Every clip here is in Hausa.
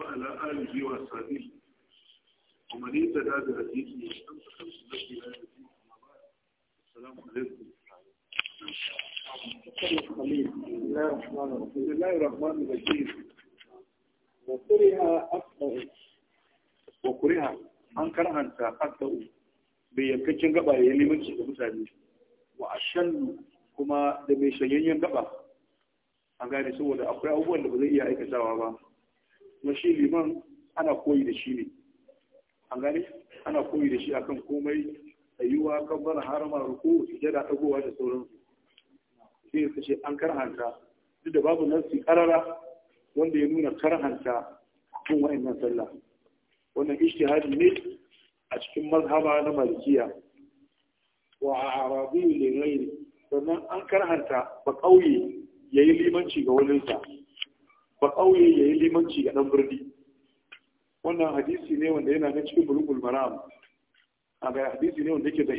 وعلى آله وصحبه ومن يتدى بهديه واستمسك بسنته السلام عليكم an karhanta bai gaba ya limanci mutane wa kuma da mai shanyayyen gaba an gane saboda akwai abubuwan da ba zai iya aikatawa ba kuma shi liman ana koyi da shi ne an gane ana koyi da shi akan komai tsayuwa kabbar harama ruku sujada dagowa da sauransu sai su ce an karhanta duk da babu nasi karara wanda ya nuna karhanta cikin wa'annan sallah wannan ishtihadi ne a cikin mazhaba na malikiya wa arabi li ghairi sannan an karhanta ba kauye yayi limanci ga sa. ba ƙauye ya yi limanci ga ɗan birni wannan hadisi ne wanda yana na cikin bulugul maram a ga hadisi ne wanda yake da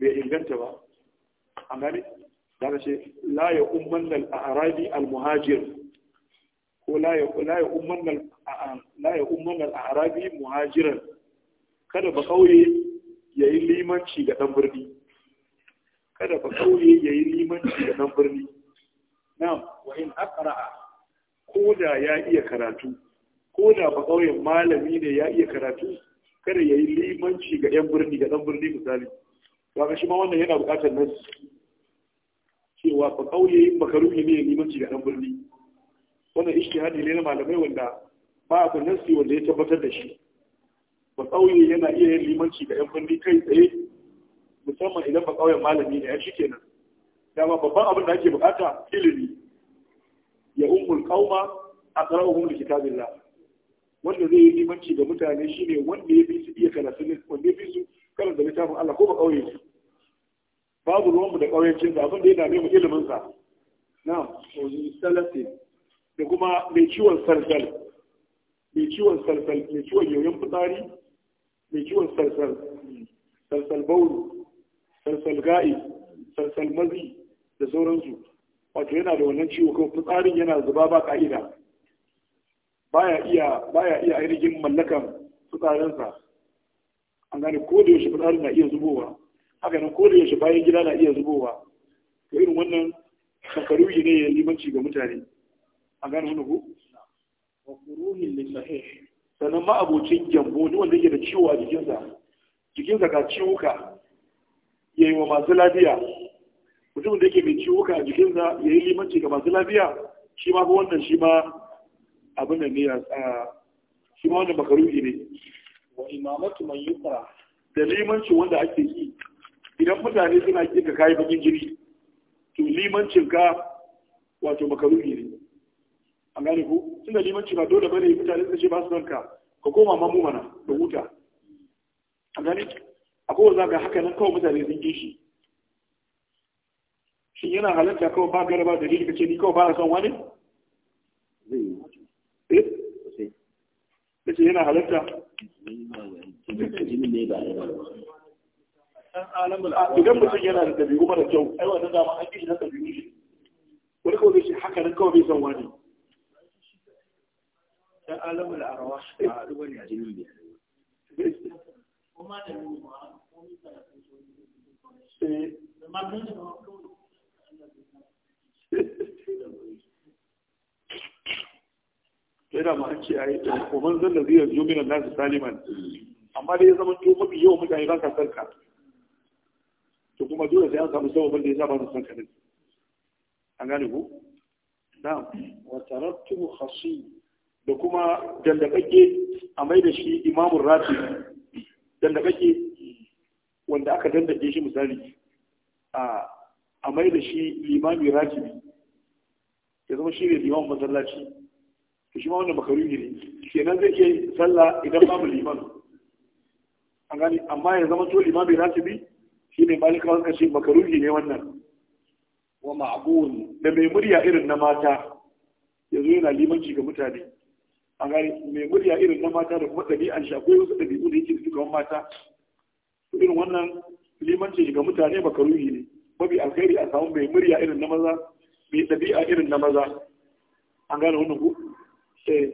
bai inganta ba a gani za ka ce la ya umman a arabi al-muhajir ko la ya umman a arabi muhajiran kada ba ƙauye ya yi limanci ga ɗan birni kada ba ƙauye ya yi limanci ga ɗan birni na wa in aqra'a ko da ya iya karatu ko da ba ƙauyen malami ne ya iya karatu kada ya yi limanci ga 'yan birni ga ɗan birni misali ba shi ma wannan yana buƙatar nan cewa ba ƙauye rufe ne ya limanci ga ɗan birni wannan hadi ne na malamai wanda ba a su wanda ya tabbatar da shi ba ƙauye yana iya yin limanci ga 'yan birni kai tsaye musamman idan ba ƙauyen malami ne ya shi kenan dama babban abin da ake buƙata ilimi ya umul qauma da li la wanda zai yi limanci da mutane shine wanda ya fi su iya karatu ne wanda ya fi su da littafin Allah ko ba kauye su babu ruwanmu da kauyancin da abin da ya dame mu ilimin sa na'am ozi salatin da kuma mai ciwon sarsal mai ciwon sarsal mai ciwon yoyon fitsari mai ciwon sarsal sarsal bauru sarsal ga'i sarsal mazi da sauransu wato yana da wannan ciwo ko fitsarin yana zuba ba ka'ida baya iya baya iya ainihin mallakan fitsarinsa an gane ko da yaushe fitsarin na iya zubowa haka nan ko da yaushe bayan gida na iya zubowa to irin wannan sakaruyi ne ya limanci ga mutane an gane wani ko wa kuruhin li sahih sannan ma abocin gyambo ne wanda yake da ciwo a jikinsa jikinsa ka ciwuka yayi wa masu lafiya Mutum da yake mai ciwuka a jikinsa ya yi limanci ga masu lafiya shi ma fa wannan shi ma abin da ne a shi ma wannan makaruhi ne wa imamatu man yukra da limanci wanda ake yi idan mutane suna kin ka kai bakin jiri to limancin ka wato makaruhi ne an gane ku tunda limanci ba dole bane mutane su ce ba su ranka ka koma mamu mana da huta an gane akwai wanda ga haka nan kawai mutane sun kishi shi yana halatta kawai ba gara ba dalili kace ni kawai ba na son wani eh kace yana halatta idan mutum yana da dabi'u mara kyau ai wannan dama an kishi na dabi'u shi wani kawai shi haka nan kawai bai son wani dan alamul arwah a ruwan jinin bai eh. kuma da da sai da ma'an ce a yi kuman zalla zai yanzu minan nasu saliman amma dai ya zama to mafi yau muka yi ranka sarka to kuma dole sai an samu sababin da ya sa ba su sarka ne an gane ku na'am wa tarattu khasi da kuma dandakake a mai da shi imamun rafi dandakake wanda aka dandake shi misali a mai da shi limami rafi. ya zama shi ne liman masallaci to shi ma wannan makaruhi ne kenan zai ke sallah idan babu liman an gani amma ya zama to liman bai rasu bi shi ne malika wanda ce makaruhi ne wannan wa ma'abun da mai murya irin na mata ya zo yana limanci ga mutane an gani mai murya irin na mata da kuma ɗabi'an shi akwai wasu ɗabi'u da yake da duka mata irin wannan limanci ga mutane makaruhi ne mafi alkhairi a samu mai murya irin na maza mai ɗabi'a irin na maza an gane wani ku sai eh.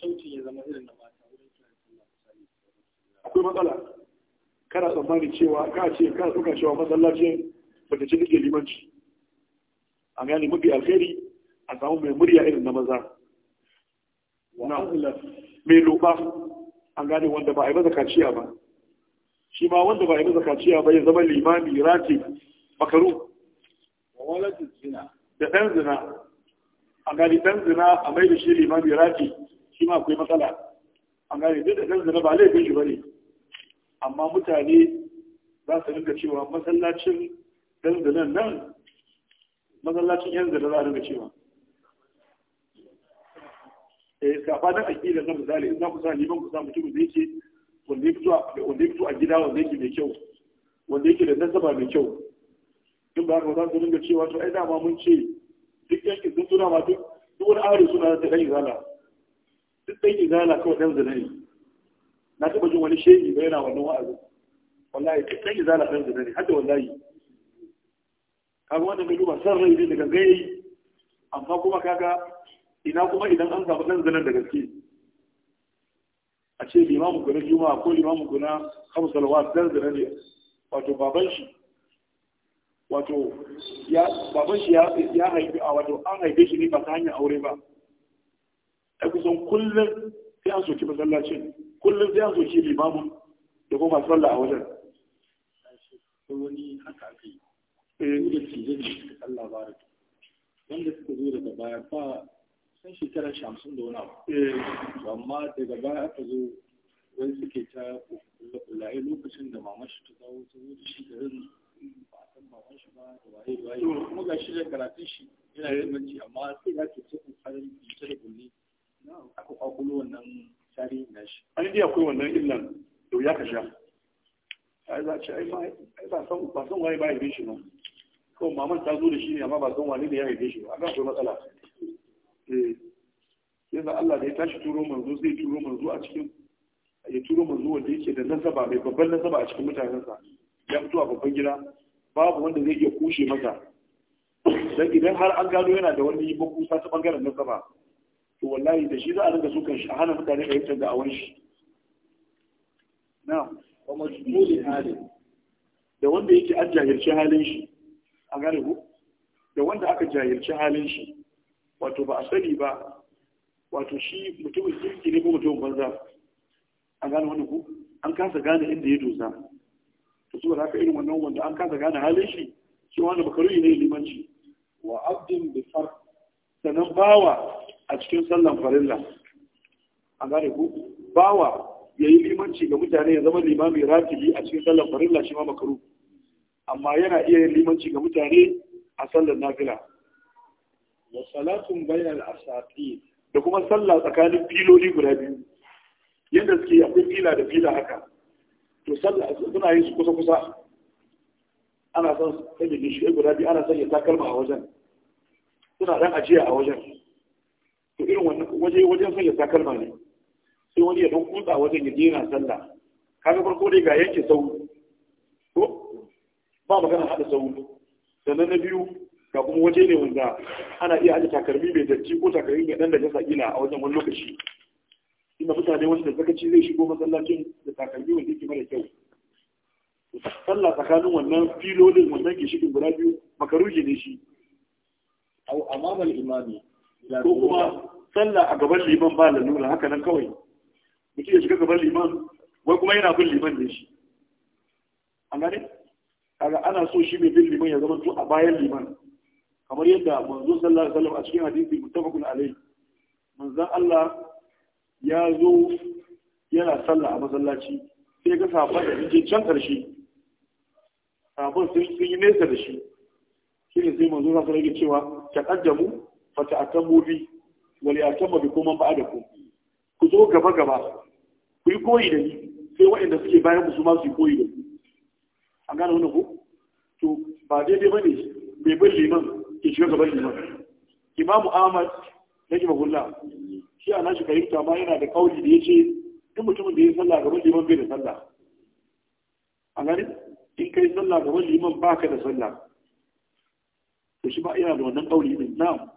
sauti ya zama irin na mata akwai matsala kana tsammani cewa ka ce ka suka cewa masallacin bata ci take limanci an gane mafi alheri a samu mai murya irin na maza mai loba an gane wanda ba a yi maza kaciya ba shi ma wanda ba a yi maza kaciya ba ya zama limami rati makaru wa walatin zina da ɗan zina a gani ɗan zina a mai da shi liman raki shi ma akwai matsala a gani duk da ɗan zina ba laifin shi ba ne amma mutane za su rinka cewa masallacin ɗan zinan nan masallacin yan zina za a rinka cewa na kafa da aƙida na misali in za ku sa liman ku sa mutum da yake wanda ya fito a gida wanda yake mai kyau wanda yake da nasaba mai kyau in ba haka za su dinga cewa to ai dama mun ce duk yanki sun suna ma duk duk wani aure suna da dan izala duk ɗan izala kawai dan zina na taɓa jin wani shehi ba yana wannan wa'azin wallahi duk dan izala dan zina ne hadda wallahi kaga wanda bai duba san rai ne daga gai amma kuma kaga ina kuma idan an samu dan zina da gaske a ce limamu kuna juma'a ko limamu kuna kamsalwa dan zina ne wato baban shi wato baban shi ya haifi a wato an haife shi ne ba ta hanyar aure ba a kusan kullum sai an soki masallacin kullum sai an soki limamin da kuma masu a wajen wani haka aka yi eh. da wanda suka zo daga baya ba sun shekara shamsun da wani abu eh. amma daga baya aka zo wani suke ta kulle lokacin da mamashi ta dawo ta zo da shi garin kuma ga shi da karatun shi yana da amma sai ya ce tsarin da kulli shi an dai akwai wannan illan to ya ka sha ai za ce ai ba san ba san waye ba ya bi shi ba ko maman ta zo da shi ne amma ba san wani ne ya haife shi ba aka akwai matsala eh Allah da ya tashi turo manzo zai turo manzo a cikin ya turo manzo wanda yake da nasaba mai babban nasaba a cikin mutanensa ya fito a babban gida babu wanda zai iya kushe masa don idan har an gano yana da wani makusa ta bangaren nasaba to wallahi da shi za a rinka sukan shi a hana mutane fahimtar da awon shi Na wa majbulin halin da wanda yake an jahilci halin shi a gane ku da wanda aka jahilci halin shi wato ba a sani ba wato shi mutumin kirki ne ko mutumin banza a gane wani ku an kasa gane inda ya dosa to su haka irin wannan wanda an kasa gane halin shi shi wanda bakaruri ne limanci wa abdin bi far sanan bawa a cikin sallan farilla an gane ku bawa yayi limanci ga mutane ya zama limami ratibi a cikin sallan farilla shi ma makaru amma yana iya yin limanci ga mutane a sallan nafila wa salatun bainal asafi da kuma sallah tsakanin filoli guda biyu yadda suke akwai fila da fila haka to sallah suna yin su kusa kusa ana son sanya gishi guda biyu ana sanya takalma a wajen suna dan ajiya a wajen to irin wannan waje wajen sanya takalma ne sai wani ya don kutsa wajen ya je yana sallah kaga farko dai ga yanke sau ko ba magana hada sau sannan na biyu ga kuma waje ne wanda ana iya aje takalmi mai datti ko takalmi mai dan da jasa ila a wajen wani lokaci inda mutane wanda da ci zai shigo masallacin da takalmi wanda yake mara kyau sallah tsakanin wannan filolin wannan shigin guda biyu makaruji ne shi a amamal imami ko kuma sallah a gaban liman ba lalura haka nan kawai da ya shiga gaban liman wai kuma yana bin liman ne shi an gane kaga ana so shi mai bin liman ya zama a bayan liman kamar yadda manzo sallallahu alaihi wasallam a cikin hadisi muttafaqun alaihi manzon Allah ya zo yana sallah a masallaci sai ga sabon da ke can karshe sabon sun yi nesa da shi shi ne sai manzo zafi rage cewa ta kaddamu fa ta atammu bi a atamma bi kuma ba da ku ku zo gaba gaba ku yi koyi da ni sai waɗanda suke bayan su ma su yi koyi da ku an gane wannan ku to ba daidai ba ne mai bin liman ke shiga gaban liman imamu ahmad na rahimahullah shi a nashi fahimta ma yana da kauli da ya ce duk mutumin da ya sallah gaban liman bai da sallah a gani in kai sallah gaban liman baka da sallah to shi ba yana da wannan kauli din na'am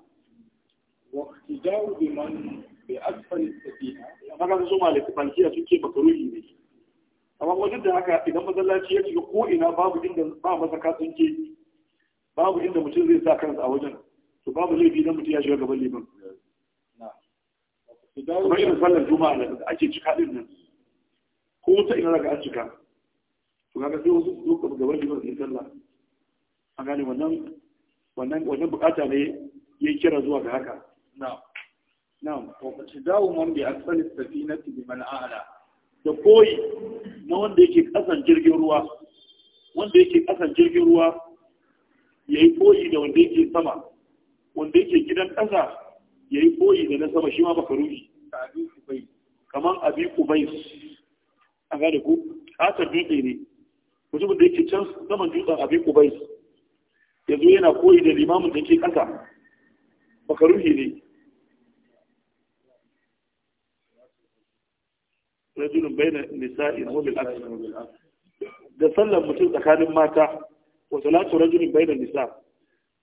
wa ihtidau biman bi asfal sabina kaga su malaka bankiya suke makaruhi ne amma wajen da haka idan masallaci ya shiga ko ina babu inda ba masa kasance babu inda mutum zai sa kansa a wajen to babu laifi don mutum ya shiga gaban liman kamar irin sallar juma'a da ake cika din nan ko ta ina daga an cika to kaga sai wasu su ka gaban jimar sai sallah a gane wannan wannan wannan bukata ne ya kira zuwa ga haka na'am na'am wa dawo man bi asfali safinati bi man a'la da koyi na wanda yake kasan jirgin ruwa wanda yake kasan jirgin ruwa yayi koyi da wanda yake sama wanda yake gidan kasa ya yi koyi da na sama shi ma ruhi. kamar abi ubai a gane ku ƙasar dutse ne mutumin da yake can saman dutsen abi ubai yanzu yana koyi da limamin da ke ƙasa ruhi ne rajulun bai na nisa'in wabil asir da sallan mutum tsakanin mata wa salatu rajulun bai na nisa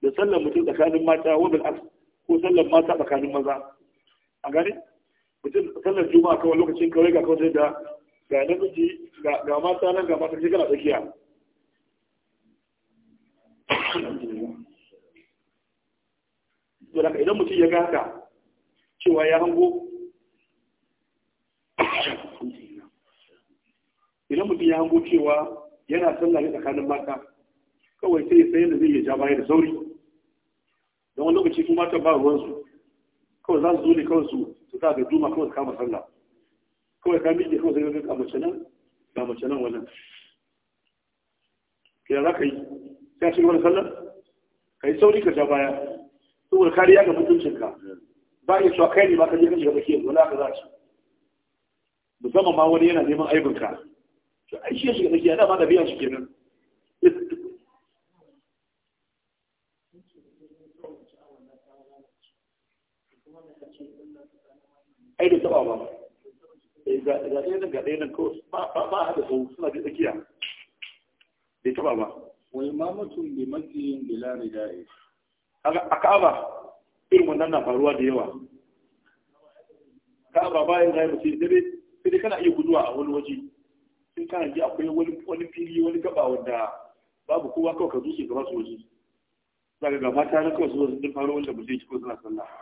da sallan mutum tsakanin mata wabil asir ko sallar mata tsakanin maza a gani mutum sallar juma'a kawai lokacin kawai ga kawai da ga namiji ga mata nan ga mata kana tsakiya daga idan mutum ya gata cewa ya hango idan mutum ya hango cewa yana sallar tsakanin mata kawai sai sai yadda zai iya ja baya da sauri don wani lokaci kuma ta ba ruwansu kawai za su zo ne kawai su su sa ga duma kawai kama sallah kawai ka miƙe kawai sai ga mace nan ga mace nan wannan kira za ka yi sai a cikin wani ka yi sauri ka ja baya saboda kariya ga mutuncinka ba yi cewa kai ne ba ka je ka shiga bakiya wani ka za ci musamman ma wani yana neman aibinka to ai shi ya shiga da biyan shi kenan ai da taba ba eh, ga ɗaya nan ga ɗaya nan kawai ba haɗa su suna bi tsakiya bai taba ba wai mamatun bi makiyin bila rida'i a ka'aba irin wannan na faruwa da yawa ka'aba bayan zai mace da sai dai kana iya guduwa a wani waje in kana ji akwai wani fili wani gaba wanda babu kowa kawai ka zuce gaba su waje za ga gaba ta na kawai su wasu din faro wanda mutum ya ci ko suna sallah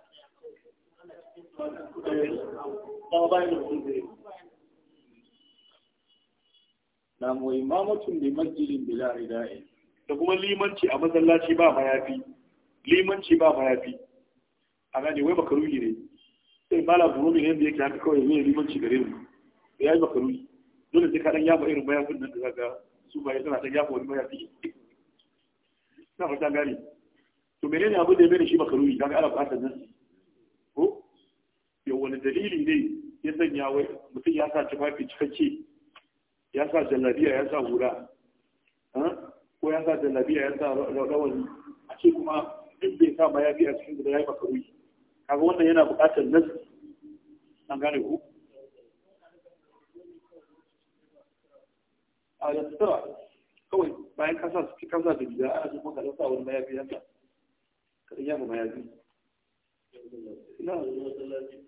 na mu imamatun bi masjidin bila rida'i da kuma limanci a masallaci ba mayafi limanci ba mayafi a gane wai makaruhi ne sai mala burumi ne da yake haka kawai mai limanci gare mu ya yi makaruhi dole sai ka kaɗan yafa irin mayafin nan da zaga su ba ya tana ta yafa wani mayafi na fata gane to menene abin da ya bai da shi makaruhi kaga ana buƙatar nan Yau wani dalili ne ya sanya wai mutum ya sa tufafi cikakke ya sa jallabiya ya sa hura ko ya sa jallabiya ya sa rawar. a ce kuma duk bai sa mayafi a cikin gida ya yi makaruri kaga wannan yana buƙatar nasu an gane ku a da sutura kawai bayan kasa su fi kasa da gida ana jin maka sa wani mayafi yanka kaɗan yamma mayafi ina da wani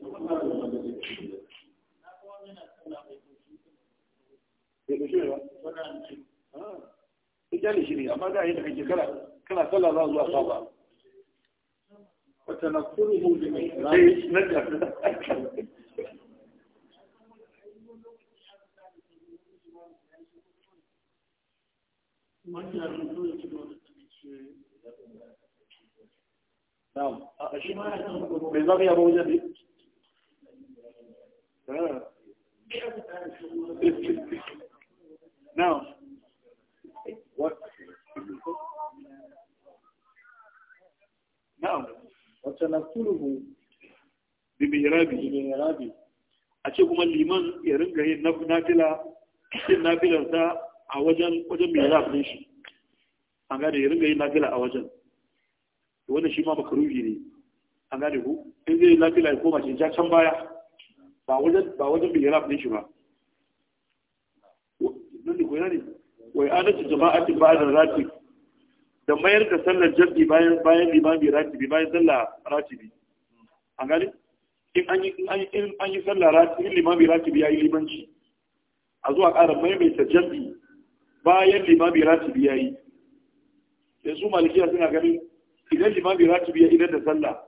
bai kushe ba ya kyale shi ne amma da yi da kake kana kana sallah za zuwa saba wata na kurhu da mai nan da نعم. أشياء. بيزاغي أبو جدي. Ah. Now, what? Now, wata nafsuluhu bi mihrabi bi a ce kuma liman ya ringa yin nafila yin nafilarsa a wajen wajen mihrab din shi an gane ya ringa yin nafila a wajen wanda shi ma makaruhi ne an gane ku in zai yi nafila ya koma shi ja can baya ba wajen ba wajen shi ba nan ne ne wai adalci jama'atin ba'da rati da mayar da sallar jabi bayan bayan limami bi bayan sallar bi. an gani in an yi in an yi sallar ratibi limami ratibi yayi limanci a zuwa ƙara maimaita jaddi bayan limami ya yayi yanzu malikiya suna ganin idan limami bi ya idan da sallah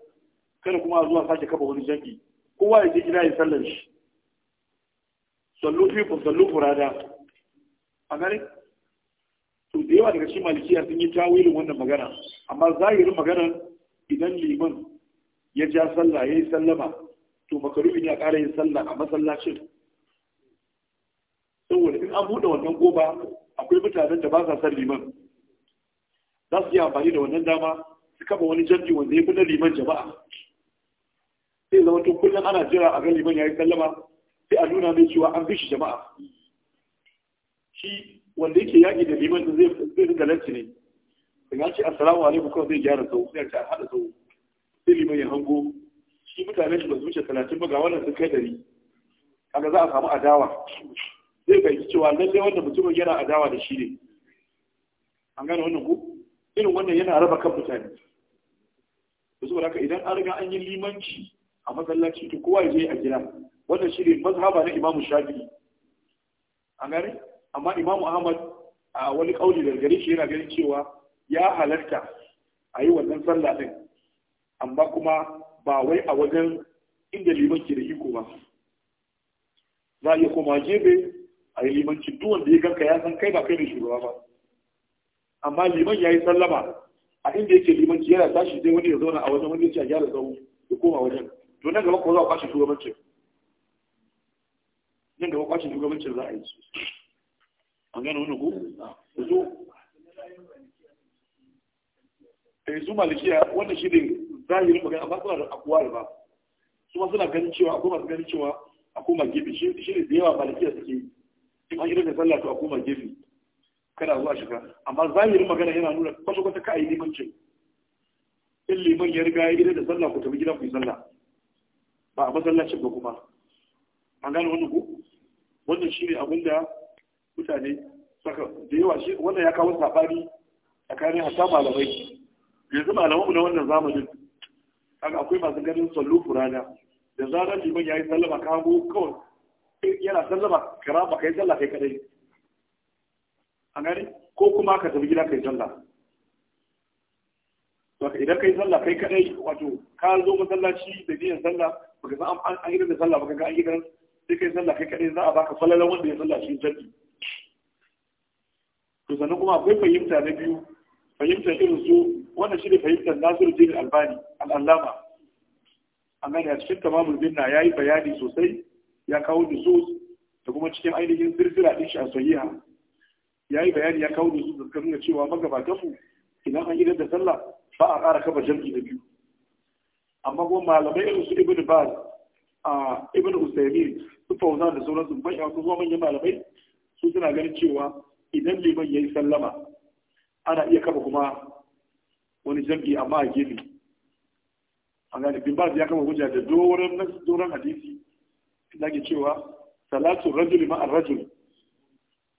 kada kuma a zuwa sake kafa wani jaddi kowa ya je gida ya sallar shi sallu fi ku sallu a gani to da yawa daga cikin malikiya sun yi tawilin wannan magana amma zahirin magana idan liman ya ja sallah ya yi sallama to makarubi ne a ƙara yin sallah a masallacin saboda in an buɗe wannan goba akwai mutanen da ba sa san liman za su yi amfani da wannan dama su kafa wani jam'i wanda ya fi liman jama'a sai zama tun kullum ana jira a ga liman yayi sallama sai a nuna mai cewa an bishi jama'a shi wanda yake yaƙi da liman da zai zai da lanci ne in ya ce assalamu alaikum kawai zai gyara sau sai a haɗa sau sai liman ya hango shi mutane shi ba su wuce talatin ba ga wannan sun kai dari kaga za a samu adawa zai ga cewa lallai wanda mutumin yana adawa da shi ne an gane wannan ku irin wannan yana raba kan mutane da saboda haka idan an riga an yi limanci a masallaci to kowa ya je a gida wannan shi ne mazhaba na imamu Shafi. A gane amma imamu ahmad a wani kauli daga gare shi yana ganin cewa ya halarta a yi wannan sallah din amma kuma ba wai a wajen inda liman ke da iko ba za a iya koma jebe a yi limanci duk wanda ya ganka ya san kai ba kai ne shugaba ba amma liman ya yi sallama a inda yake limanci yana tashi sai wani ya zauna a wajen wani ya ce a gyara zaune ya koma wajen to nan gaba ko za a kwashe shugabancin nan gaba kwashe shugabancin za a yi su an gani wani ko yi eh, su malikiya wannan shi ne zahirin magana amma suna da akuwa ba su ma suna ganin cewa akwai masu ganin cewa a koma shi ne da yawa malikiya suke in an irin da sallah to a koma gefe kana zuwa shiga amma zahirin magana yana nuna kwata kwata ka a yi limancin in liman ya riga ya irin da sallah ku tafi gida ku yi sallah ba a masallacin ba kuma an gane wani ku wannan shi ne abin da mutane saka da yawa shi wannan ya kawo a tsakanin hata malamai yanzu malamanmu na wannan zamanin an akwai masu ganin sallu furana da zarar liman ya yi sallama ka hango kawai eh, yana sallama kira ba ka yi sallah kai kadai a gani ko kuma ka tafi gida kai sallah idan idan yi sallah kai kadai wato ka zo masallaci da biyan sallah baka san an gidan da sallah baka ga an gidan sai kai sallah kai kadai za a baka falalan wanda ya sallah shi jaddi to sannan kuma akwai fahimta na biyu fahimtar irin su wannan shi ne fahimtar nasiru jini albani al'allama an gani a cikin tamamul binna ya yi bayani sosai ya kawo nusus da kuma cikin ainihin zirzira ɗin shi a sahiha ya yi bayani ya kawo nusus da suka nuna cewa magabatanmu idan an idan da sallah ba a ƙara kafa jam'i da biyu amma ko malamai irin su ibn baz a ibn usaimin su fauna da sauransu ya su zuwa manyan malamai su suna ganin cewa idan liman ya yi sallama ana iya kafa kuma wani jam'i amma a gefe an gane bin baz ya kafa hujja da doron doron hadisi inda ke cewa salatu rajul ma'ar rajul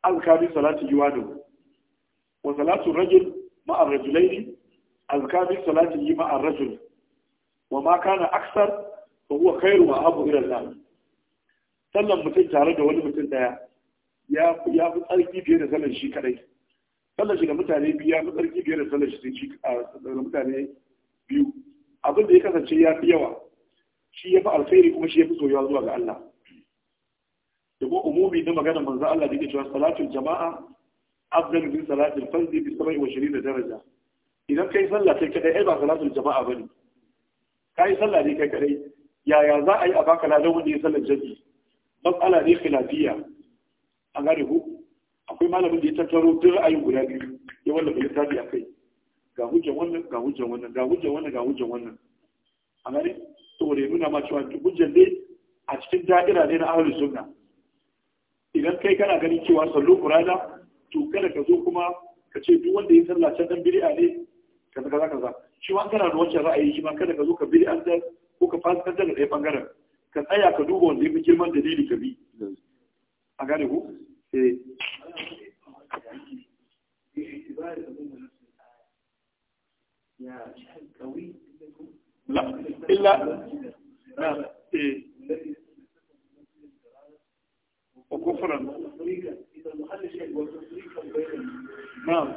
azkabi salatu yuwadu wa salatu rajul ma'ar rajulaini azkabi salatu yi ma'ar rajul wa ma kana aksar fa huwa khairu wa abu ila Allah sallan mutum tare da wani mutum daya ya ya fi tsarki fiye da sallan shi kadai sallan shi da mutane biyu ya fi tsarki fiye da sallan shi shi da mutane biyu abin da ya kasance ya fi yawa shi ya fi alkhairi kuma shi ya fi soyuwa zuwa ga Allah da kuma umumi na magana manzo Allah da yake cewa salatul jama'a afdal min salatul fardi bi 27 daraja idan kai sallah kai kadai ai ba salatul jama'a bane ka yi sallah ne kai kadai yaya za a yi a baka ladan wanda ya sallar jami'i matsala ne khilafiya an gane ku akwai malamin da ya tattaro duk ra'ayin guda biyu ya wallafa littafi a kai ga hujjan wannan ga hujjan wannan ga hujjan wannan ga hujjan wannan a gane saboda ya nuna ma cewa hujjan ne a cikin da'ira ne na ahlus sunna idan kai kana ganin cewa sallu qur'ana to kada ka zo kuma ka ce duk wanda ya sallah can dan bid'a ne kaza kaza kaza shi ma kana da wancan ra'ayi shi ma kada ka zo ka bi an da ko ka fasikantar da ɗaya bangaren ka tsaya ka duba wanda ya girman dalili ka bi a gane ku eh لا إلا نعم إيه وكفرا نعم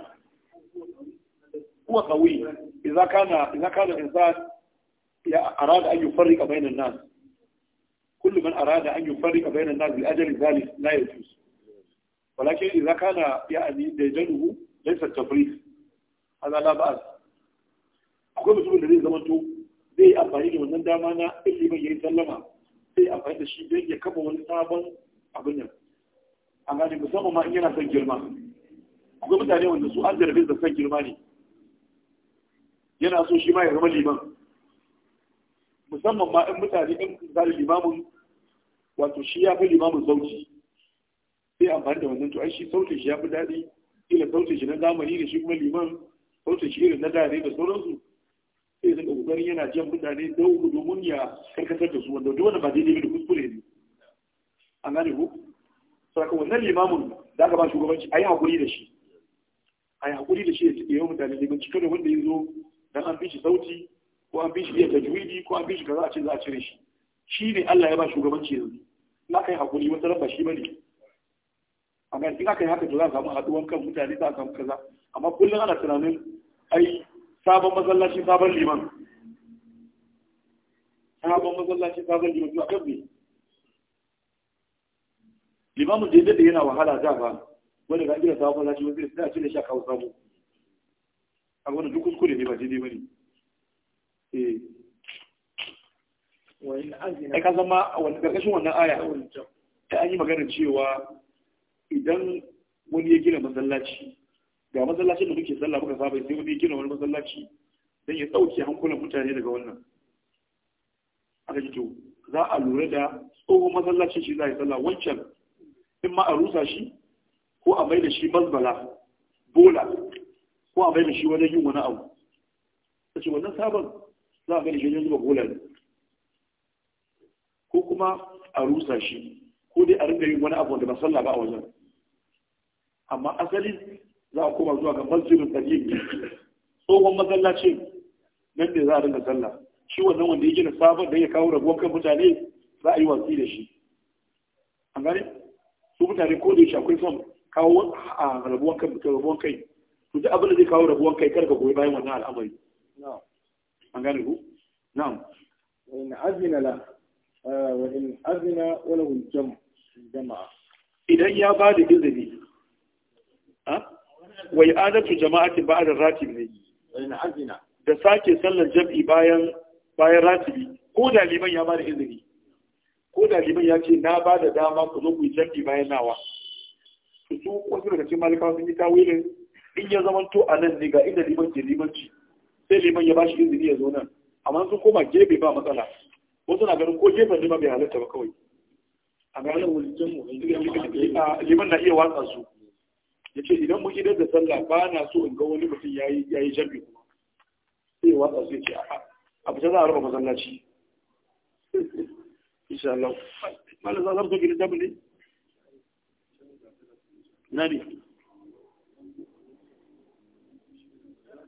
Kuma kawai iza kana iza kana ya arada an fari a bayanan nas kullum an arada an fari a an nan li zali na la tusu walakin iza kana ya ya'ni dajjaluhu laysa tafriq hada a ba'as akwai mutumin da zai zama to zai yi amfani da wannan dama na ilimin yayin sallama zai amfani da shi don ya kafa wani sabon abin nan a gani musamman ma in yana son girma akwai mutane wanda su an jarabe da son girma ne yana so shi ma ya zama liman musamman ma in mutane in zari limamin wato shi ya fi limamin sauti sai amfani da wannan to ai shi sautin shi ya fi daɗi ila sautin shi na zamani da shi kuma liman sautin shi irin na dare da sauransu sai zaka kokarin yana jan mutane dauku domin ya karkatar da su wanda duk wanda ba daidai da kuskure ne an gane ku saka wannan limamin da aka ba shugabanci A yi hakuri da shi A yi hakuri da shi ya tsaye mutane limanci kada wanda ya zo dan an bishi sauti ko an bishi ya tajwidi ko an bishi kaza a ce za a cire shi shi ne Allah ya ba shugabanci yanzu in kai hakuri wata rabba ba shi bane a ga in aka yi haka to za a samu haɗuwan kan mutane za a samu kaza amma kullum ana tunanin ai sabon masallaci sabon liman sabon masallaci sabon liman zuwa kan limamu limamin da ya yana wahala da ba wanda ga gina sabon masallaci wanda a cire shi a kawo sabo a wani duk kuskure ne ba jide ba ne eh ai ka zama wani karkashin wannan aya ta an yi maganin cewa idan wani ya gina masallaci ga masallacin da muke sallah muka saba sai wani ya gina wani masallaci dan ya sauke hankulan mutane daga wannan aka ji to za a lura da tsohon masallacin shi za a yi sallah wancan in ma a rusa shi ko a mai da shi mazbala bola ko a bai shi wajen yin wani abu ta ce wannan sabon za a gani shi wajen zuba bola ne ko kuma a rusa shi ko dai a rinka yin wani abu wanda ba sallah ba a wajen amma asali za a koma zuwa ga masjidin ne tsohon masallacin nan ne za a rinka sallah shi wannan wanda ya gina sabon da ya kawo rabuwar kan mutane za a yi watsi da shi an gane su mutane ko da shi akwai son kawo rabuwar kan rabuwar kai Ku duk abin da zai kawo rabuwan kai karka goyi bayan wannan al'amari an gane ku na'am wa in azina la eh, wa in azina wala hul jama'a idan ya ba da izini wa i'adatu jama'atin da ratibi ne wa in azina da sake sallar jam'i bayan bayan ratibi ko da liman ya ba da izini ko da liman ya ce na ba da dama ku zo ku yi jam'i bayan nawa su wasu daga cikin malikawa sun yi tawilin in ya zama to a nan ne ga inda liman ke limanci sai liman ya bashi izini ya zo nan amma sun koma gefe ba matsala wasu na ganin ko gefen liman bai halatta ba kawai a ga liman na iya watsa su ya ce idan mun idar da sallah ba na so in ga wani mutum ya yi jambi kuma sai watsa su ya ce a fita za a raba masallaci insha Allah malam zan so zarto gidan jambi ne na ne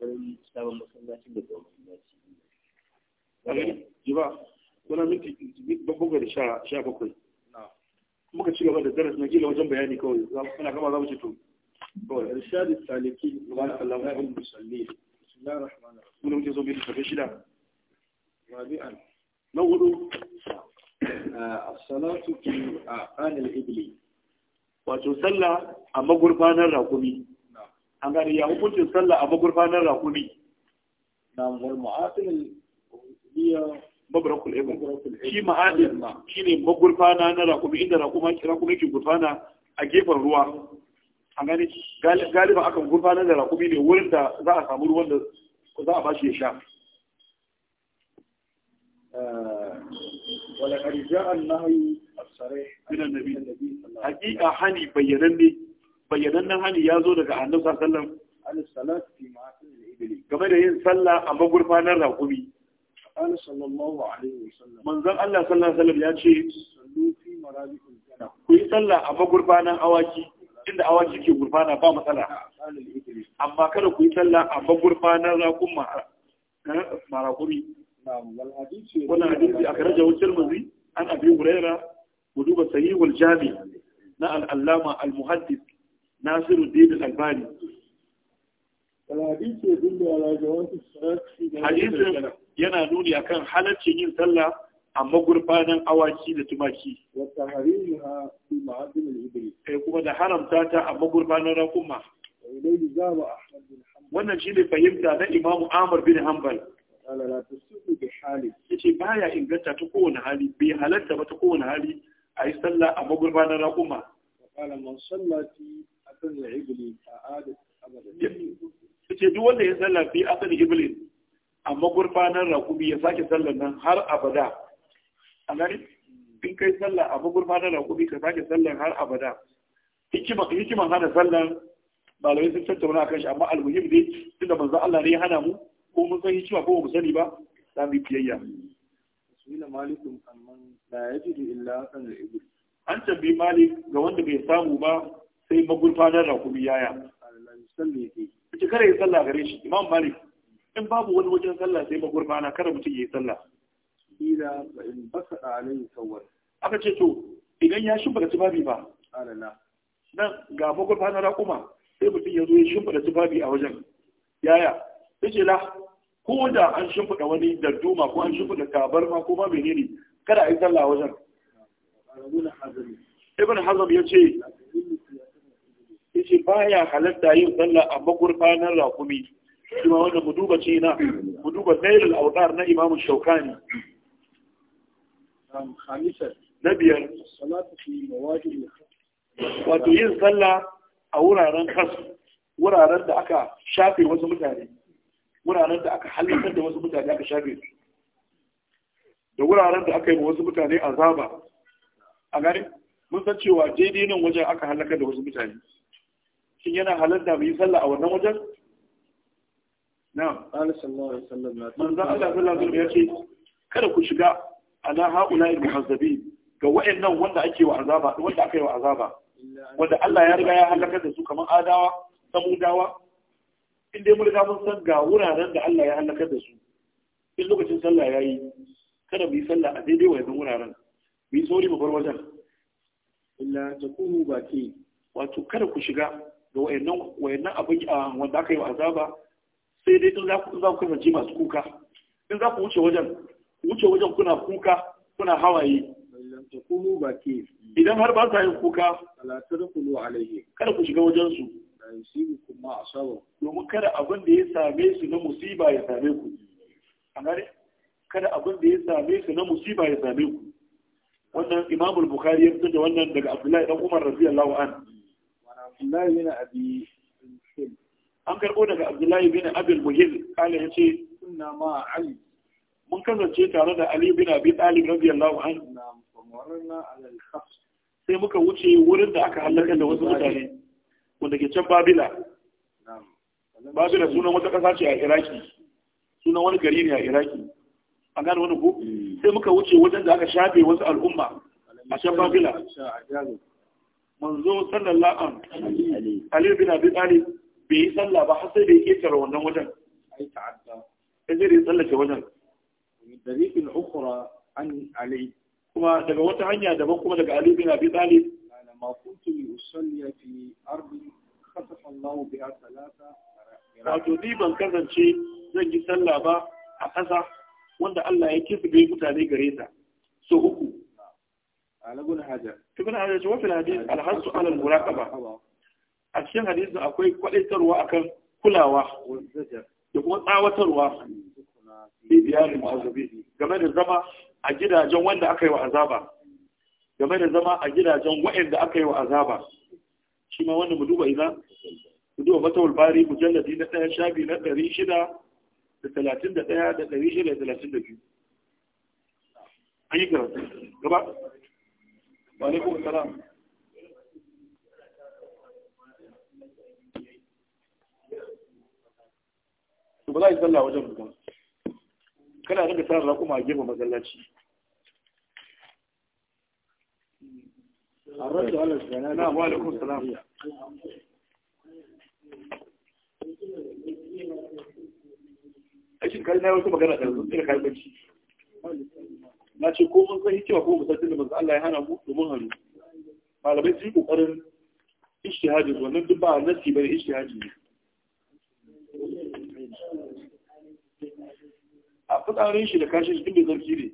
wurin sabon masallacin da zuwa masallaci ji wani minti da sha bakwai muka ci gaba da darasi na gila wajen bayani kawai ana gama za mu ce to kawai saliki wa wa na ah, salatu wato sallah a magurfanar rakumi an gani ya hukuncin sallah a magurfanar rakuni na wal mu'atil hiya mabrakul ibn shi ne shine magurfana na rakumi inda rakuma rakumi ke gurfana a gefen ruwa an gani galiba akan gurfana da rakumi ne wurin da za a samu ruwan da za a bashi ya sha ولقد جاء النهي الصريح من النبي حقيقة هني ne. bayyanannen hali ya zo daga annabi sallallahu alaihi wasallam fi ma'atin al-ibli game da yin sallah a magurfanar raƙumi sallallahu alaihi wasallam manzon Allah sallallahu alaihi wasallam ya ce sallu fi ku yi sallah a magurfanar awaki inda awaki ke gurfana ba matsala amma kada ku yi sallah a magurfanar raƙum marakumi eh, wannan hadisi a karajar wucin mazi an abi huraira ku duba sahihul jami na al-allama al-muhaddis nasiru dini albani hadisin yana nuni akan halaccin yin sallah amma magurfanan awaki da tumaki kai eh, kuma da haramta ta amma magurfanan rakuma wannan shi ne fahimta na imamu amur bin hanbal yace baya inganta ta kowane hali bai halatta ba ta kowane hali a yi sallah amma magurfanan rakuma ce duk wanda ya tsalla fi asali iblis amma gurfanar rakumi ya sake sallar nan har abada a gani in kai tsalla a magurfanar rakumi ka sake sallar har abada hikiman hana sallar malamai sun tattauna kan shi amma almuhim dai tunda manzo Allah ne ya hana mu ko mun san hikima ko mu sani ba za mu biyayya malikum la yajidu illa an iblis an tambayi malik ga wanda bai samu ba sai magurfanar da kuma yaya ita kare yi sallah gare shi imam malik in babu wani wajen sallah sai magurfana kare mutum ya yi sallah aka ce to idan ya shimfa da tufafi ba nan ga magurfanar raƙuma sai mutum ya zo ya shimfa da tufafi a wajen yaya sai ce la ko da an da wani darduma ko an kabar ma ko ma menene kada a yi sallah wajen ibn hazm ya ce sai ce baya halatta yin sallah a magurfanar rakumi shi ma wanda mu duba ce na mu duba nailul awdar na imamu shaukani na biyar wato yin sallah a wuraren kasu wuraren da aka shafe wasu mutane wuraren da aka halittar da wasu mutane aka shafe da wuraren da aka yi wasu mutane azaba a gari mun san cewa daidai nan wajen aka halaka da wasu mutane shin yana halarta mu yi sallah a wannan wajen na'am qala sallallahu alaihi wasallam manzo Allah sallallahu alaihi wasallam ya ce kada ku shiga ala haula al muhazzabi ga wayannan wanda ake wa azaba wanda aka yi wa azaba wanda Allah ya riga ya halaka da su kamar adawa samudawa in dai mun riga mun san ga wuraren da Allah ya halaka da su in lokacin sallah yayi kada mu yi sallah a daidai wayannan wuraren mu yi sauri mu bar wajen illa takunu baki wato kada ku shiga da wayannan abin ah, wanda aka yi wa azaba sai dai in za ku kasance masu kuka in za ku wuce wajen wuce wajen kuna kuka kuna hawaye idan har ba sa yin kuka kada ku shiga wajen su domin kada abin da ya same su na musiba ya same ku kada abin da ya same su na musiba ya same ku wannan imamul bukhari ya fito da wannan daga abdullahi dan umar radiyallahu anhu Abdullahi bin Abi Muhil. An karɓo daga Abdullahi bin Abi Muhil, kala ya ce, Sunna ma Ali. Mun kasance tare da Ali bin Abi Talib radiyallahu anhu. Na musamman alal khafs. Sai muka wuce wurin da aka halaka da wasu mutane wanda ke can Babila. Babila sunan wata ƙasa ce a Iraki. Sunan wani gari ne a Iraki. An gane wani ko? Hmm. Sai muka wuce wajen da aka shafe wasu al'umma a can Babila. manzo sallallahu alaihi Ali bin Abi Talib bai yi sallah ba har sai bai ya ketare wannan wajen ai ta'adda sai da ya tsallake wajen dariqin ukhra an Ali kuma daga wata hanya daban kuma daga Ali bin Abi Talib ma kuntu usalli fi ardi khasafa Allah biha salata wato ni ban kasance zan yi sallah ba a ƙasa wanda Allah ya kisbe mutane gare ta so uku alagun hajar tukun hajar ce wafin hadis alhassu alal muraqaba a cikin hadisin akwai kwadaitarwa akan kulawa da kuma tsawatarwa fi biyar game da zama a gidajen wanda aka yi wa azaba game da zama a gidajen wa'anda aka yi wa azaba shi ma wanda mu duba ina mu duba matawul bari mujalladi na ɗaya shafi na ɗari shida da talatin da ɗaya da ɗari shida da talatin da biyu an yi karatu gaba Wa'alaikun salam. Ba za a yi sallah wajen rubuta. Kana daga tsarin rakuma a gefen masallaci. الرد على الزلال نعم وعليكم السلام أشين كان ناوي كما كان أخير إلى كان بجي na ce ko mun san hikima ko musaddin da manzo Allah ya hana mu domin haru malamai sun kokarin ishtihadi wannan duk ba nasi bane ishtihadi ne a fitsarin shi da kashin shi duk zarki ne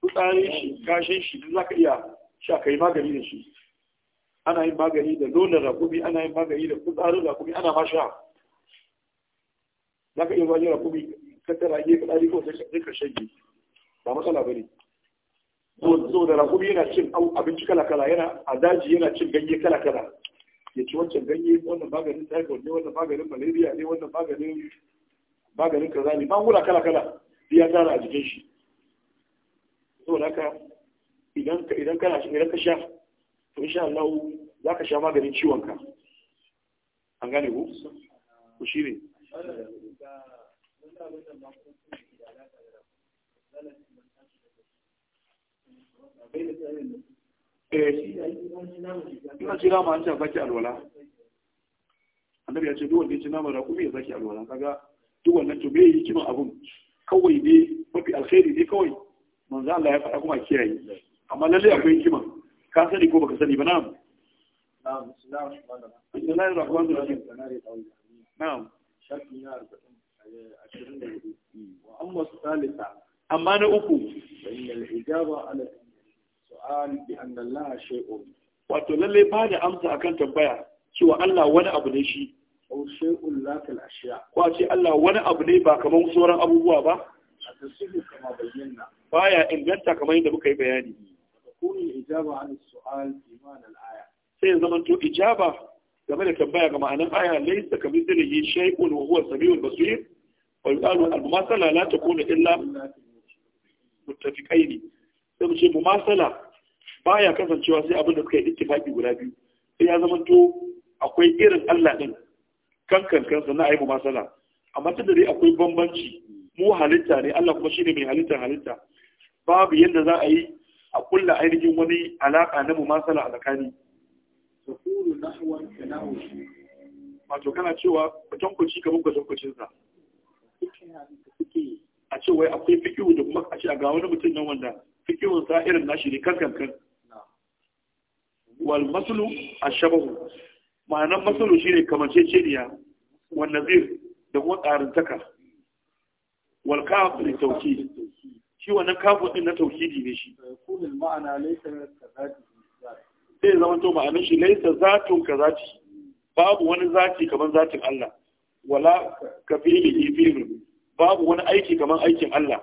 fitsarin shi kashin shi duk zaka iya sha kai magani da shi ana yin magani da da rakumi ana yin magani da fitsarin rakumi ana ma sha zaka iya magani rakumi tattara gefe ɗari ko sai karshe shanye ba matsala ba ne so da rakumi yana cin abinci kala-kala yana a daji yana cin ganye kala-kala ya ci wancan ganye wannan maganin typhoid ne wannan maganin malaria ne wannan maganin maganin kaza ne magunguna kala-kala ya tara a jikin shi so da haka idan ka idan kana idan ka sha to insha Allah za ka sha maganin ciwon ka an gane ku ku shi ne. ina annabi ya ce duk wanda ya ci nama da kuma ya zaki alwala kaga duk wannan to me yi kiman abun kawai ne mafi alkhairi ne kawai manzo Allah ya faɗa kuma kiyaye amma lalle akwai kiman ka sani ko baka sani ba na'am na'am bismillahir rahmanir rahim na'am shafi na amma su talita amma na uku bayan ijaba ala su'al bi anna Allah shay'un wato lalle ba amsa akan tambaya cewa Allah wani abu ne shi aw shay'un la kal ashiya ko ce Allah wani abu ne ba kaman sauran abubuwa ba tasihu kama bayyana baya inganta kamar yadda muka yi bayani kuni ijaba an su'al iman al aya sai zaman to ijaba game da tambaya ga ma'anan aya da kamithlihi shay'un wa huwa basir al-mumasala la takunu illa muttafiqaini sai mu ce mumasala baya kasancewa sai abin da suka yi ittifaki guda biyu sai ya zama to akwai irin Allah din kan kansa na ayi mumasala amma tunda dai akwai bambanci mu halitta ne Allah kuma shine mai halitta halitta babu yadda za a yi a kulla ainihin wani alaƙa na mumasala a tsakani wato kana cewa mutum kuci kamar kwatankwacin sa a ce wai akwai fikihu da kuma a ce ga wani mutum nan wanda fikihun sa irin nashi ne kan kan kan wal maslu shi ne kamance shine kamanceceniya wal nazir da kuma tsarintaka wal kaf li tawkid shi wannan kafin din na tauhidi ne shi kunul ma'ana laysa kazati sai zama to ma'anar shi laysa zatun kazati babu wani zati kamar zatin Allah wala ka fi fi'lihi ibiru babu wani aiki kamar aikin Allah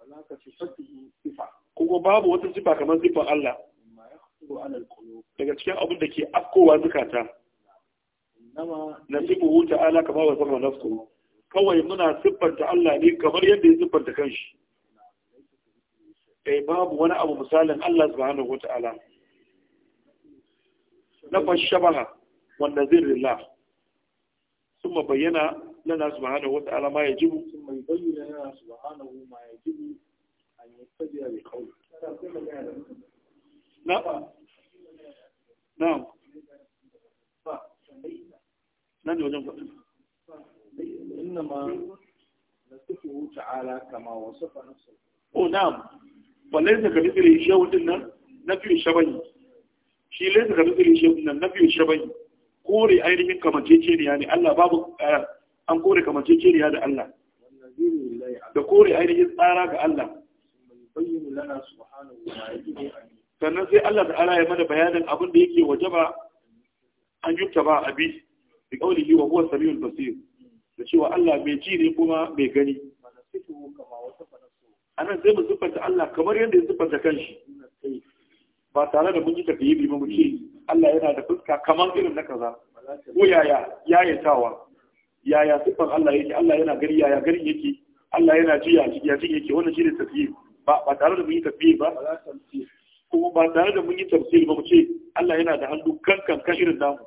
wala ka sifatihi sifa kuma babu wata sifa kamar sifan Allah daga cikin abin da ke afkowa zukata nasibuhu ta'ala kamar wa sama nafsu kawai muna siffanta Allah ne kamar yadda ya siffanta kanshi eh babu wani abu misalin Allah subhanahu wata'ala na fashabaha wanda zirrillah ثم بين لنا سبحانه وتعالى ما يجب ثم يبين لنا سبحانه ما يجب أن يتبع بقوله نعم نعم نعم نعم إنما نصفه تعالى كما وصف نفسه أو نعم وليس كمثل الشيء قلنا نفي الشبه شيء ليس كمثل الشيء قلنا نفي الشبه kore ainihin kamanceceniya ne Allah babu eh, an kore kamanceceniya da Allah da kore ainihin tsara ga Allah sannan sai Allah ta'ala ya mana bayanin abin da yake ba an yukta ba abi bi yi wa huwa samiul basir da cewa Allah mai ji ne kuma mai gani nan sai mu siffanta Allah kamar yadda ya siffanta kanshi ba tare da mun yi tafiye bi ba mu ce Allah yana da fuska kamar irin na kaza ko yaya yayatawa yaya siffar Allah yake Allah yana gari yaya gari yake Allah yana ji ya ji yake wannan shine tafsir ba ba tare da mun yi tafsir ba kuma ba tare da mun yi tafsir ba mu ce Allah yana da hannu kan kan irin namu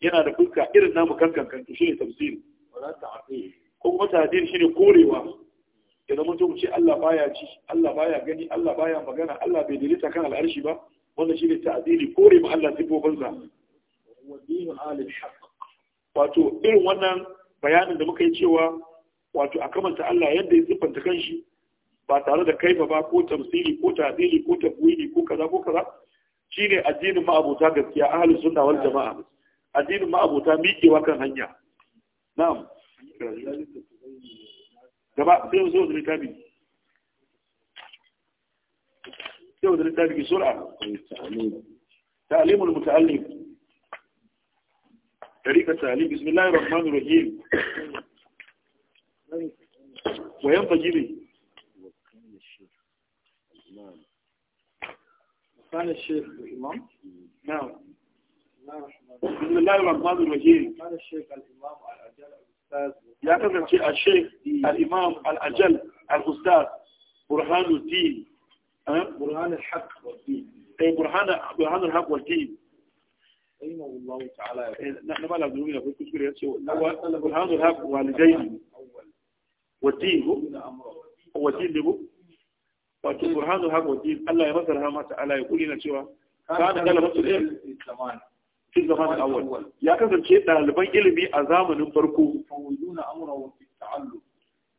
yana da fuska irin namu kan kan to shine tafsir ko kuma tadir shine korewa idan mun ce Allah baya ci Allah baya gani Allah baya magana Allah bai dalita kan al'arshi ba wannan shi ne ta'adili kore ma Allah sifofinsa wato irin wannan bayanin da muka yi cewa wato a kamanta Allah yadda ya siffanta kanshi ba tare da kaifa ba ko tamsili ko ta'adili ko tabwili ko kaza ko kaza Shi ne addinin ma'abota gaskiya ahli sunna wal jama'a addinin ma'abota miƙewa kan hanya na'am gaba sai zo da tabi تود الإنتاج بسرعة تعليم المتعلم طريقة تعليم بسم الله الرحمن الرحيم وين به وكان الشيخ الإمام وكان الشيخ الإمام نعم بسم الله الرحمن الرحيم وكان الشيخ الإمام على العجل الأستاذ يعني الشيخ الإمام على العجل الأستاذ برهان الدين برهان الحق والدين أي برهان برهان الحق والدين رحمه الله تعالى نحن ما لازم نقول في كل شيء برهان الحق والدين والدين هو الدين هو wajen Allah ya masa ya kasance ɗaliban ilimi a zamanin farko